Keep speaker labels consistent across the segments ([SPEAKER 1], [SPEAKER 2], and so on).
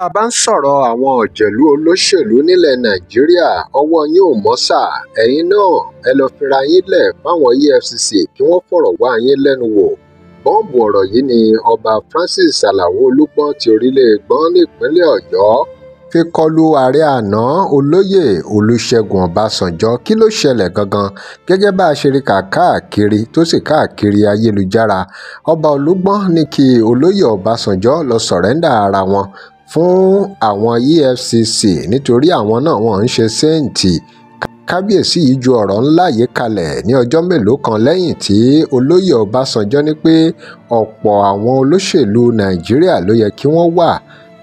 [SPEAKER 1] bá a bá ń sọ̀rọ̀ àwọn òṣèlú olóṣèlú nílẹ̀ nàìjíríà ọwọ́ yín ò mọ́ sáà ẹ̀yin náà ẹ lọ́ọ́ fira yín lẹ̀ fáwọn efcc kí wọ́n fọ̀rọ̀ wá yín lẹ́nu wò bọ́ǹbù ọ̀rọ̀ yìí ni ọba francis alao olúgbọ́n ti orílẹ̀ gbọ́n nípínlẹ̀ ọ̀yọ́ fi kọlu ààrẹ àná olóyè olùṣègùn ọbásanjọ́ kí ló ṣẹlẹ̀ gangan gẹ́gẹ́ bá a ṣe rí káàkiri tó sì káàkiri ayélujára ọba olúgbọ́n ní kí olóyè ọbásanjọ́ lọ sọ̀rẹ́ndà ara wọn fún àwọn efcc nítorí àwọn náà wọ́n ń ṣe séǹtì kábíyèsí yìí ju ọ̀rọ̀ ńlá yìí kalẹ̀ ní ọjọ́ mélòó kan lẹ́yìn tí olóyè ọbásanjọ́ ní pé ọ̀pọ̀ àwọn olóṣèlú nàìjíríà ló yẹ kí wọ́n wà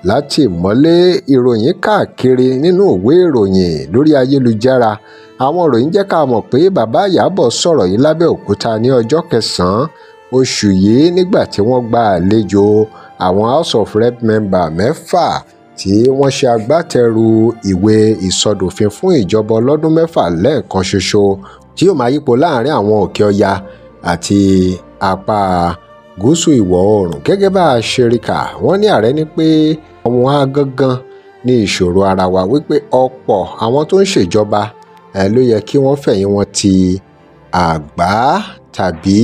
[SPEAKER 1] látìmọ́lé ìròyìn káàkiri nínú ìwé ìròyìn lórí ayélujára àwọn ìròyìn jẹ́ ká mọ̀ pé bàbá ìyábọ̀ sọ̀rọ̀ yìí lábẹ́òkúta ní ọjọ́ kẹsàn-án oṣù yìí nígbà tí wọ́n gba àlejò àwọn house of rep member mẹ́fà tí wọ́n ṣe agbátẹrù ìwé ìsọdòfin fún ìjọba ọlọ́dún mẹ́fà lẹ́ẹ̀kan ṣoṣo tí yóò máa yípo láàrin àwọn òkè ọya àti apá gúúsù ìwọ̀ oòrùn gẹ́gẹ́ bá a ṣe rí kà wọ́n ní ààrẹ ní pé àwọn agangan ní ìṣòro ara wa wípé ọ̀pọ̀ àwọn tó ń ṣèjọba ẹ̀ ló yẹ kí wọ́n fẹ̀yìn wọn ti àgbá tàbí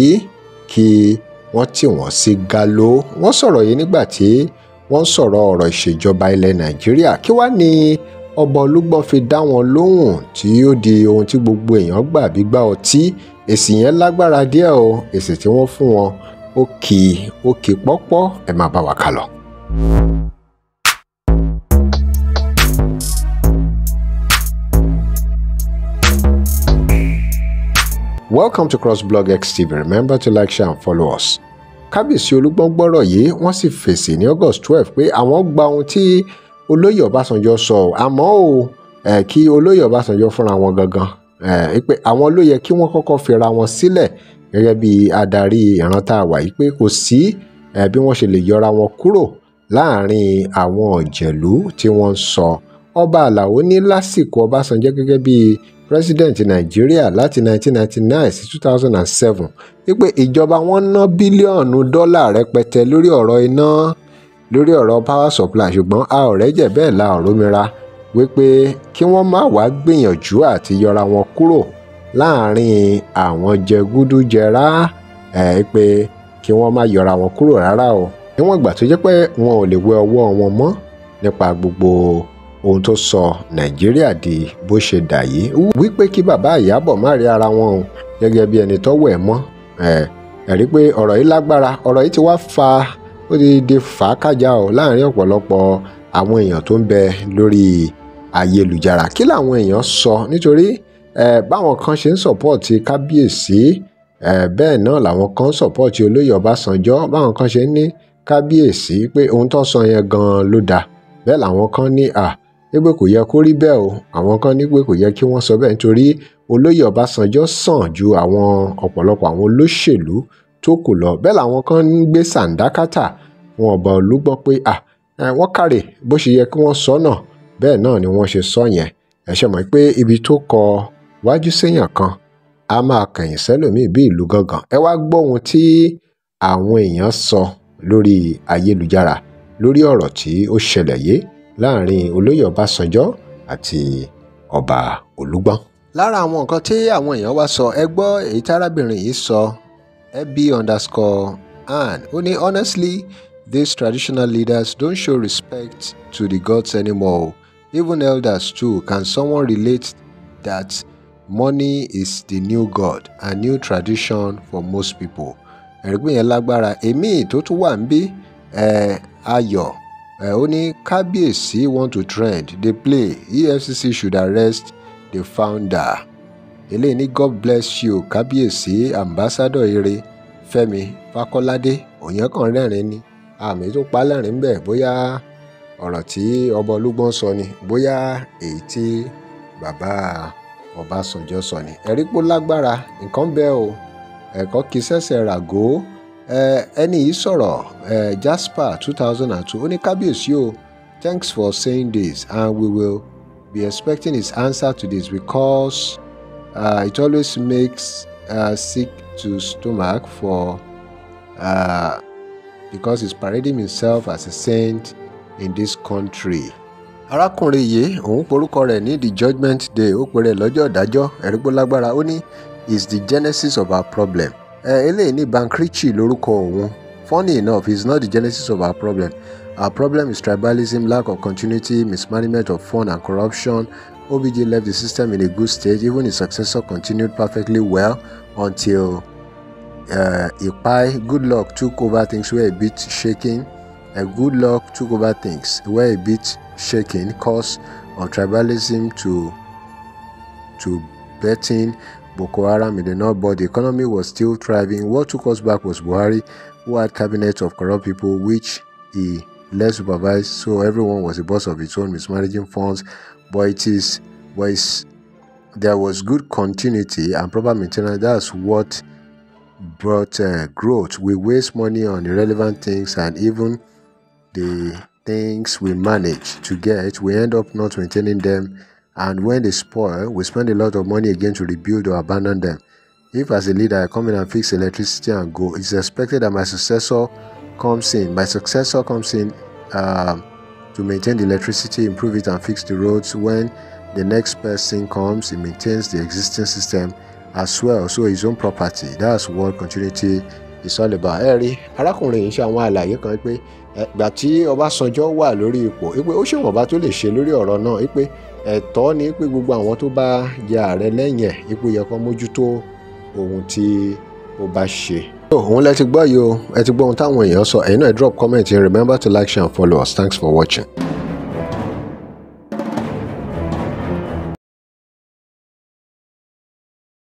[SPEAKER 1] kí wọ́n tì wọ́n sí galo wọ́n sọ̀rọ̀ yìí nígbà tí wọ́n sọ̀rọ̀ ọ̀rọ̀ ìṣèjọba ilẹ̀ nàìjíríà kí wá ní ọba olúgbọ́n fi dá wọn lóhùn tí ó di ohun tí gbogbo èèyàn gbà bí ọtí èsì yẹn lágbára díẹ̀ o èsì tí wọ́n fún wọn ó kì í ó kì í pọ́pọ́ ẹ máa bá wa kà lọ. Welcome to crossblog XTV remember to like share and follow us. Kábíyèsí Olúgbọ́n gbọ́rọ̀ yìí wọ́n sì fèsì ní August twelve pé àwọn gba ohun tí olóyè Ọbásanjọ́ sọ ọ́ àmọ́ ò kí olóyè Ọbásanjọ́ fúnra wọn gangan pé àwọn ló yẹ kí wọ́n kọ́kọ́ fira wọn sílẹ̀ gẹ́gẹ́ bí adarí ìran wà yìí pé kò sí bí wọ́n ṣe lè yọra wọn kúrò láàrin àwọn òjèlú tí wọ́n sọ ọba Àlàó ní lásìkò Ọbásanjọ́ gẹ́gẹ́ bí president Nigeria, láti 1999 sí 2007 wípé ìjọba wọn ná bílíọ̀nù dọ́là rẹpẹtẹ lórí ọ̀rọ̀ iná lórí ọ̀rọ̀ power supply ṣùgbọ́n a ò rẹ́jẹ̀ bẹ́ẹ̀ la Ọ̀rúnmìlà wípé kí wọ́n má wàá gbìyànjú àti yọra wọn kúrò láàrin àwọn jẹgúdújẹrá ẹ̀ pé kí wọ́n má yọra wọn kúrò rárá o níwọ̀n ìgbà tó jẹ́ pé wọn ò lè wẹ ọwọ́ wọn mọ́ nípa gbogbo ohun tó sọ nàìjíríà di bó ṣe dà yìí wípé kí bàbá ìyábọ̀ má rí ara wọn o gẹ́gẹ́ bí ẹni tọ́wọ́ ẹ̀ mọ́ ẹ̀rí pé ọ̀rọ̀ yìí lágbára ọ̀rọ̀ yìí ti wá fa ó ti di fàákàjà o láàrin ọ̀pọ̀lọpọ̀ àwọn èèyàn tó ń bẹ lórí ayélujára kí làwọn èèyàn sọ nítorí báwọn kan ṣe ń sọ̀pọ̀tì kábíyèsí bẹ́ẹ̀ náà làwọn kan ń sọ̀pọ̀tì olóyè ọbásanjọ́ báwọn kan ṣe ń ní kábíyèsí pé ohun tó sọ yẹn gan-an ló dáa bẹ́ẹ̀ làwọn kan ní à wípé kò yẹ kó rí bẹ́ẹ̀ o àwọn kan ní pé kò yẹ kí wọ́n sọ bẹ́ẹ̀ nítorí olóyè Ọbásanjọ́ sàn ju àwọn ọ̀pọ̀lọpọ̀ àwọn olóṣèlú tó kù lọ bẹ́ẹ̀ làwọn kan ń gbé sàǹdákátà wọn ọba olúgbọ́ pé à wọ́n kàrè bó ṣe yẹ kí wọ́n sọ náà bẹ́ẹ̀ náà ni wọ́n ṣe sọ yẹn ẹ ṣe mọ̀ pé ibi tó kọ wájú séèyàn kan a máa kẹ̀yìn sẹ́lòmíì bí ìlú gangan ẹ wá gbọ́ ohun tí àwọn èèyàn sọ lórí ayélujára lórí ọ̀rọ̀ tí ó ṣẹlẹ̀ yìí láàrin olóyè ọbásanjọ́ àti ọba olúgbọ́n. lára àwọn nǹkan tí àwọn èèyàn wá sọ ẹ èyí tárábìnrin yìí sọ eb underscore ann ó ní honestly these traditional leaders don't show respect to the gods anymore even elders too can someone relate that money is the new god a new tradition for most people ẹ̀rí pé yẹn lágbára èmi tó tún wà ń bí ayọ̀ ó ní kábíyèsí want to trend dey play efcc should arrest the founder eléyìí ní god bless you kábíyèsí ambassador ire fẹ́mi fákọ́ládé òyìn kan rẹ́rìn ni àmì tó pa lẹ́rìn bẹ́ẹ̀ bóyá ọ̀rọ̀ tí ọba olúgbọ́n sọ ni bóyá èyí tí bàbá ọbásanjọ́ sọ ni ẹ̀rí pó lágbára nǹkan bẹ́ẹ̀ o ẹ̀kọ́ kìí ṣẹ̀ṣẹ̀ ràgó ẹni yìí sọ̀rọ̀ Jasper 2002. thousand and two ó ní kábíyèsí o thanks for saying this and we will be expecting his answer to this because uh, it always makes uh, sick to stomach for uh, because he's parading himself as a saint in this country. arákùnrin yìí òun porúkọ rẹ̀ ní the judgement day ó pè rẹ̀ lọ́jọ́ ìdájọ́ ẹ̀rí lágbára ó ní is the genesis of our problem eléyìí ní Bankrichi lórúkọ òun funny enough is not the genesis of our problem our problem is tribalism lack of continuity mismanagement of fund and corruption obj left the system in a good state even his successor continued perfectly well until uh, Ipai Goodluck took over things were a bit shaking a Goodluck took over things were a bit shaking cause of tribalism to to betting Boko Haram in the north, but the economy was still thriving. What took us back was Buhari, who had cabinets of corrupt people, which he less supervised, so everyone was a boss of its own, mismanaging funds. But it is, but it's, there was good continuity and proper maintenance. That's what brought uh, growth. We waste money on irrelevant things, and even the things we manage to get, we end up not maintaining them And when they spoil, we spend a lot of money again to rebuild or abandon them. If, as a leader, I come in and fix electricity and go, it's expected that my successor comes in. My successor comes in uh, to maintain the electricity, improve it, and fix the roads. When the next person comes, he maintains the existing system as well, so his own property. That's what continuity is all about. ẹ rí arákùnrin yìí ṣe àwọn àlàyé kan pé ìgbà tí Ọbásanjọ́ wà lórí ipò pé ó ṣèwọ̀nba tó lè ṣe lórí ọ̀rọ̀ náà ẹ̀tọ́ ni pé gbogbo àwọn tó bá ya ààrẹ lẹ́yìn ẹ̀ ipò yẹ kó mójútó ohun tí ó bá ṣe. òun lẹ ti gbọ́ yìí o ẹ ti gbọ́ ohun táwọn èèyàn sọ ẹ̀yin náà drop comment remember to like share and follow us thanks for watching.